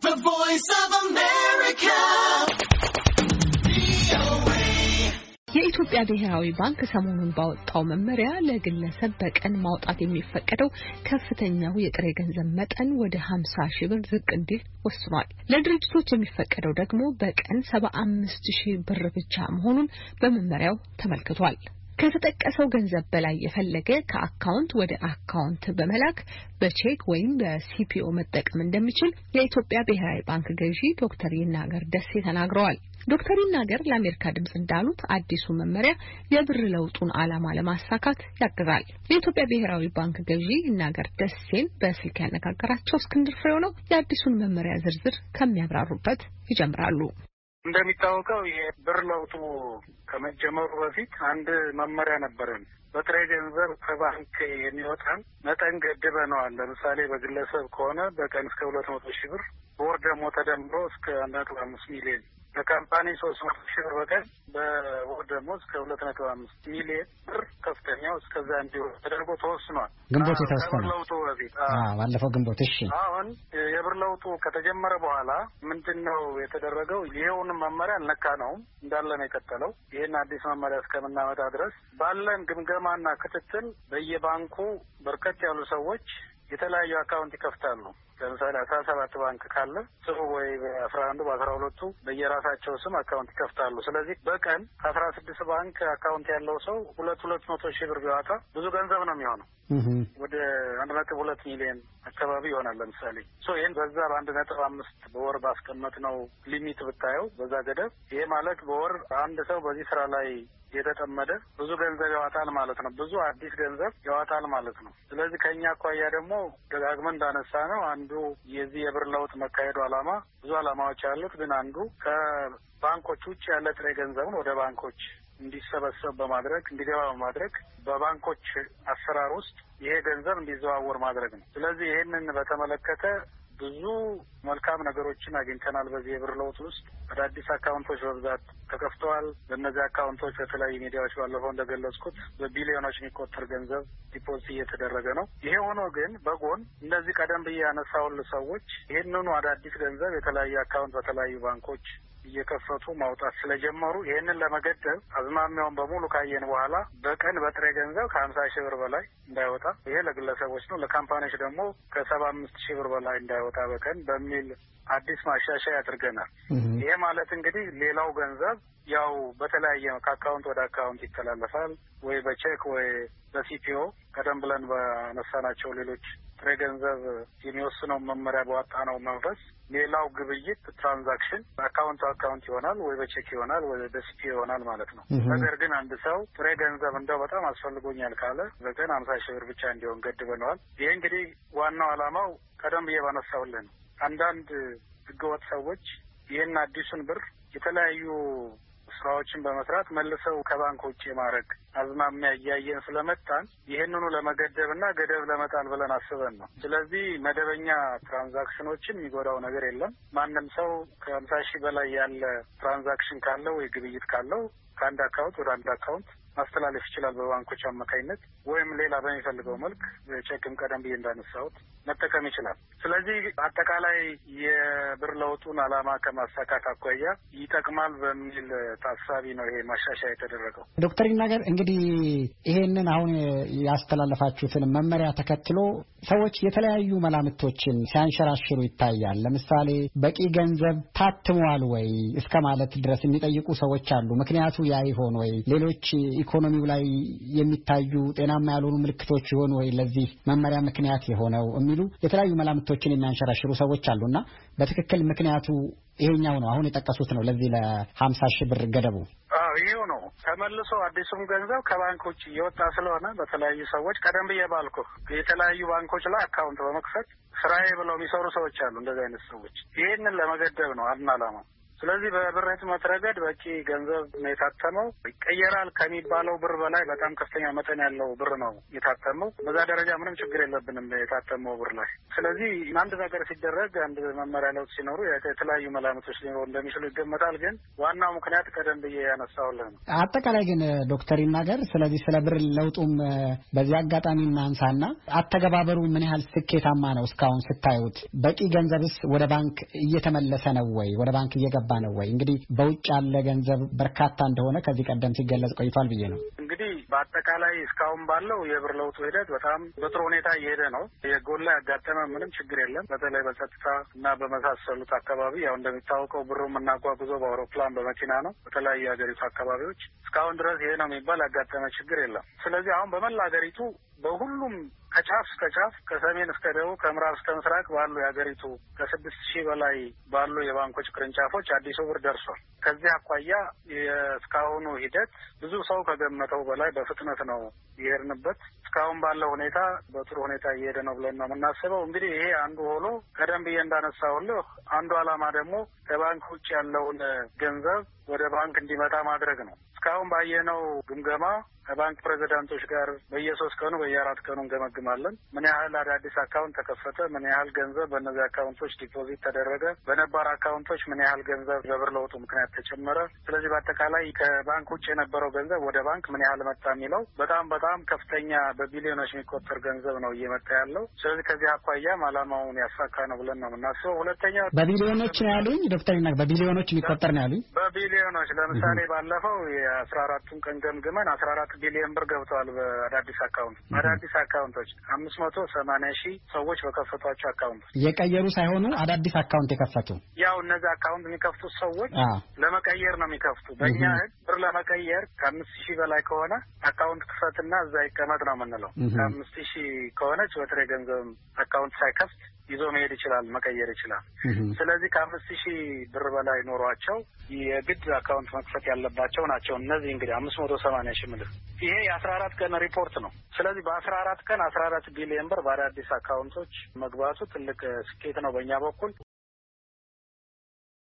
The Voice of America. የኢትዮጵያ ብሔራዊ ባንክ ሰሞኑን ባወጣው መመሪያ ለግለሰብ በቀን ማውጣት የሚፈቀደው ከፍተኛው የጥሬ ገንዘብ መጠን ወደ 50 ሺህ ብር ዝቅ እንዲል ወስኗል። ለድርጅቶች የሚፈቀደው ደግሞ በቀን 75 ሺህ ብር ብቻ መሆኑን በመመሪያው ተመልክቷል። ከተጠቀሰው ገንዘብ በላይ የፈለገ ከአካውንት ወደ አካውንት በመላክ በቼክ ወይም በሲፒኦ መጠቀም እንደሚችል የኢትዮጵያ ብሔራዊ ባንክ ገዢ ዶክተር ይናገር ደሴ ተናግረዋል። ዶክተር ይናገር ለአሜሪካ ድምጽ እንዳሉት አዲሱ መመሪያ የብር ለውጡን ዓላማ ለማሳካት ያግዛል። የኢትዮጵያ ብሔራዊ ባንክ ገዢ ይናገር ደሴን በስልክ ያነጋገራቸው እስክንድር ፍሬው ነው። የአዲሱን መመሪያ ዝርዝር ከሚያብራሩበት ይጀምራሉ። እንደሚታወቀው የብር ለውጡ ከመጀመሩ በፊት አንድ መመሪያ ነበረን። በጥሬ ገንዘብ ከባንክ የሚወጣን መጠን ገድበነዋል። ለምሳሌ በግለሰብ ከሆነ በቀን እስከ ሁለት መቶ ሺህ ብር፣ በወር ደግሞ ተደምሮ እስከ አንድ ነጥብ አምስት ሚሊዮን ከካምፓኒ ሶስት መቶ ሺህ ብር በቀን በወር ደግሞ እስከ ሁለት ነጥብ አምስት ሚሊየን ብር ከፍተኛው እስከዛ እንዲሆን ተደርጎ ተወስኗል። ግንቦት የታሰበ ለውጡ በፊት ባለፈው ግንቦት። እሺ አሁን የብር ለውጡ ከተጀመረ በኋላ ምንድን ነው የተደረገው? ይሄውንም መመሪያ አልነካ ነውም እንዳለ ነው የቀጠለው። ይህን አዲስ መመሪያ እስከምናመጣ ድረስ ባለን ግምገማና ክትትል በየባንኩ በርከት ያሉ ሰዎች የተለያዩ አካውንት ይከፍታሉ። ለምሳሌ አስራ ሰባት ባንክ ካለ ጽሁ ወይ በአስራ አንዱ በአስራ ሁለቱ በየራሳቸው ስም አካውንት ይከፍታሉ። ስለዚህ በቀን ከአስራ ስድስት ባንክ አካውንት ያለው ሰው ሁለት ሁለት መቶ ሺህ ብር ቢዋጣ ብዙ ገንዘብ ነው የሚሆነው ወደ አንድ ነጥብ ሁለት ሚሊዮን አካባቢ ይሆናል። ለምሳሌ ሶ ይህን በዛ በአንድ ነጥብ አምስት በወር ባስቀመጥ ነው ሊሚት ብታየው በዛ ገደብ ይሄ ማለት በወር አንድ ሰው በዚህ ስራ ላይ የተጠመደ ብዙ ገንዘብ ያዋጣል ማለት ነው። ብዙ አዲስ ገንዘብ ያዋጣል ማለት ነው። ስለዚህ ከእኛ አኳያ ደግሞ ደጋግመን እንዳነሳ ነው አንድ አንዱ የዚህ የብር ለውጥ መካሄዱ አላማ ብዙ ዓላማዎች አሉት ግን አንዱ ከባንኮች ውጭ ያለ ጥሬ ገንዘብን ወደ ባንኮች እንዲሰበሰብ በማድረግ እንዲገባ በማድረግ በባንኮች አሰራር ውስጥ ይሄ ገንዘብ እንዲዘዋወር ማድረግ ነው። ስለዚህ ይህንን በተመለከተ ብዙ መልካም ነገሮችን አግኝተናል። በዚህ የብር ለውጥ ውስጥ አዳዲስ አካውንቶች በብዛት ተከፍተዋል። በእነዚህ አካውንቶች በተለያዩ ሚዲያዎች ባለፈው እንደገለጽኩት በቢሊዮኖች የሚቆጠር ገንዘብ ዲፖዚት እየተደረገ ነው። ይሄ ሆኖ ግን በጎን እነዚህ ቀደም ብዬ ያነሳውል ሰዎች ይህንኑ አዳዲስ ገንዘብ የተለያዩ አካውንት በተለያዩ ባንኮች እየከፈቱ ማውጣት ስለጀመሩ ይህንን ለመገደብ አዝማሚያውን በሙሉ ካየን በኋላ በቀን በጥሬ ገንዘብ ከሀምሳ ሺህ ብር በላይ እንዳይወጣ ይሄ ለግለሰቦች ነው። ለካምፓኒዎች ደግሞ ከሰባ አምስት ሺህ ብር በላይ እንዳይወጣ በቀን በሚል አዲስ ማሻሻያ አድርገናል። ይሄ ማለት እንግዲህ ሌላው ገንዘብ ያው በተለያየ ከአካውንት ወደ አካውንት ይተላለፋል ወይ በቼክ ወይ በሲፒኦ ቀደም ብለን ባነሳናቸው ሌሎች ጥሬ ገንዘብ የሚወስነው መመሪያ በዋጣ ነው መንፈስ ሌላው ግብይት ትራንዛክሽን አካውንት አካውንት ይሆናል ወይ በቼክ ይሆናል ወይ በሲፒ ይሆናል ማለት ነው። ነገር ግን አንድ ሰው ጥሬ ገንዘብ እንደው በጣም አስፈልጎኛል ካለ በቀን አምሳ ሺህ ብር ብቻ እንዲሆን ገድበነዋል። ይሄ እንግዲህ ዋናው ዓላማው ቀደም ብዬ ባነሳውልህ ነው። አንዳንድ ህገወጥ ሰዎች ይህን አዲሱን ብር የተለያዩ ስራዎችን በመስራት መልሰው ከባንክ ውጭ ማድረግ አዝማሚያ እያየን ስለመጣን ይህንኑ ለመገደብ እና ገደብ ለመጣል ብለን አስበን ነው። ስለዚህ መደበኛ ትራንዛክሽኖችን የሚጎዳው ነገር የለም። ማንም ሰው ከሀምሳ ሺህ በላይ ያለ ትራንዛክሽን ካለው ወይ ግብይት ካለው ከአንድ አካውንት ወደ አንድ አካውንት ማስተላለፍ ይችላል በባንኮች አማካኝነት ወይም ሌላ በሚፈልገው መልክ ቼክም ቀደም ብዬ እንዳነሳሁት መጠቀም ይችላል። ስለዚህ አጠቃላይ የብር ለውጡን ዓላማ ከማሳካት አኳያ ይጠቅማል በሚል ታሳቢ ነው ይሄ ማሻሻያ የተደረገው። ዶክተር ይናገር እንግዲህ ይሄንን አሁን ያስተላለፋችሁትን መመሪያ ተከትሎ ሰዎች የተለያዩ መላምቶችን ሲያንሸራሽሩ ይታያል። ለምሳሌ በቂ ገንዘብ ታትሟል ወይ እስከ ማለት ድረስ የሚጠይቁ ሰዎች አሉ። ምክንያቱ ያ ይሆን ወይ ሌሎች ኢኮኖሚው ላይ የሚታዩ ጤናማ ያልሆኑ ምልክቶች ይሆኑ ወይ ለዚህ መመሪያ ምክንያት የሆነው የሚሉ የተለያዩ መላምቶችን የሚያንሸራሽሩ ሰዎች አሉና በትክክል ምክንያቱ ይሄኛው ነው አሁን የጠቀሱት ነው ለዚህ ለሀምሳ ሺህ ብር ገደቡ ይሄው ነው ተመልሶ አዲሱም ገንዘብ ከባንኮች እየወጣ ስለሆነ በተለያዩ ሰዎች ቀደም ብዬ ባልኩ የተለያዩ ባንኮች ላይ አካውንት በመክፈት ስራዬ ብለው የሚሰሩ ሰዎች አሉ እንደዚህ አይነት ሰዎች ይህንን ለመገደብ ነው አድና አላማ ስለዚህ በብር ህትመት ረገድ በቂ ገንዘብ ነው የታተመው። ይቀየራል ከሚባለው ብር በላይ በጣም ከፍተኛ መጠን ያለው ብር ነው የታተመው። በዛ ደረጃ ምንም ችግር የለብንም የታተመው ብር ላይ። ስለዚህ አንድ ነገር ሲደረግ አንድ መመሪያ ለውጥ ሲኖሩ የተለያዩ መላመቶች ሊኖሩ እንደሚችሉ ይገመታል። ግን ዋናው ምክንያት ቀደም ብዬ ያነሳውልህ ነው። አጠቃላይ ግን ዶክተር ይናገር ስለዚህ ስለ ብር ለውጡም በዚህ አጋጣሚ እናንሳና አተገባበሩ ምን ያህል ስኬታማ ነው እስካሁን ስታዩት? በቂ ገንዘብስ ወደ ባንክ እየተመለሰ ነው ወይ? ወደ ባንክ እየገባ የተዛባ ነው ወይ? እንግዲህ በውጭ ያለ ገንዘብ በርካታ እንደሆነ ከዚህ ቀደም ሲገለጽ ቆይቷል ብዬ ነው። እንግዲህ በአጠቃላይ እስካሁን ባለው የብር ለውጡ ሂደት በጣም በጥሩ ሁኔታ እየሄደ ነው። የጎን ላይ ያጋጠመ ምንም ችግር የለም። በተለይ በጸጥታ እና በመሳሰሉት አካባቢ ያው እንደሚታወቀው ብሩ የምናጓጉዞ በአውሮፕላን በመኪና ነው። በተለያዩ የሀገሪቱ አካባቢዎች እስካሁን ድረስ ይሄ ነው የሚባል ያጋጠመ ችግር የለም። ስለዚህ አሁን በመላ ሀገሪቱ በሁሉም ከጫፍ እስከ ጫፍ ከሰሜን እስከ ደቡብ ከምዕራብ እስከ ምስራቅ ባሉ የሀገሪቱ ከስድስት ሺህ በላይ ባሉ የባንኮች ቅርንጫፎች አዲሱ ብር ደርሷል። ከዚህ አኳያ የእስካሁኑ ሂደት ብዙ ሰው ከገመተው በላይ በፍጥነት ነው የሄድንበት። እስካሁን ባለው ሁኔታ በጥሩ ሁኔታ እየሄደ ነው ብለን ነው የምናስበው። እንግዲህ ይሄ አንዱ ሆኖ ቀደም ብዬ እንዳነሳሁልህ አንዱ ዓላማ ደግሞ ከባንክ ውጭ ያለውን ገንዘብ ወደ ባንክ እንዲመጣ ማድረግ ነው። እስካሁን ባየነው ግምገማ ከባንክ ፕሬዚዳንቶች ጋር በየሶስት ቀኑ በየአራት ቀኑ እንገመግማለን። ምን ያህል አዳዲስ አካውንት ተከፈተ፣ ምን ያህል ገንዘብ በእነዚህ አካውንቶች ዲፖዚት ተደረገ፣ በነባር አካውንቶች ምን ያህል ገንዘብ በብር ለውጡ ምክንያት ተጨመረ። ስለዚህ በአጠቃላይ ከባንክ ውጭ የነበረው ገንዘብ ወደ ባንክ ምን ያህል መጣ የሚለው በጣም በጣም ከፍተኛ በቢሊዮኖች የሚቆጠር ገንዘብ ነው እየመጣ ያለው። ስለዚህ ከዚህ አኳያም አላማውን ያሳካ ነው ብለን ነው የምናስበው። ሁለተኛ በቢሊዮኖች ነው ያሉኝ ዶክተር ና በቢሊዮኖች የሚቆጠር ነው ያሉኝ። በቢሊዮኖች ለምሳሌ ባለፈው የአስራ አራቱን ቀን ገምግመን አስራ አራት ቢሊዮን ብር ገብተዋል በአዳዲስ አካውንት አዳዲስ አካውንቶች አምስት መቶ ሰማንያ ሺህ ሰዎች በከፈቷቸው አካውንቶች የቀየሩ ሳይሆኑ አዳዲስ አካውንት የከፈቱ ያው እነዚህ አካውንት የሚከፍቱት ሰዎች ለመቀየር ነው የሚከፍቱ። በእኛ ህግ ብር ለመቀየር ከአምስት ሺህ በላይ ከሆነ አካውንት ክፈትና እዛ ይቀመጥ ነው የምንለው። ከአምስት ሺህ ከሆነች በትሬ ገንዘብ አካውንት ሳይከፍት ይዞ መሄድ ይችላል፣ መቀየር ይችላል። ስለዚህ ከአምስት ሺህ ብር በላይ ኖሯቸው የግድ አካውንት መክፈት ያለባቸው ናቸው። እነዚህ እንግዲህ አምስት መቶ ሰማንያ ሺህ ምልክ ይሄ የአስራ አራት ቀን ሪፖርት ነው። ስለዚህ በአስራ አራት ቀን አስራ አራት ቢሊዮን ብር በአዳዲስ አካውንቶች መግባቱ ትልቅ ስኬት ነው በእኛ በኩል።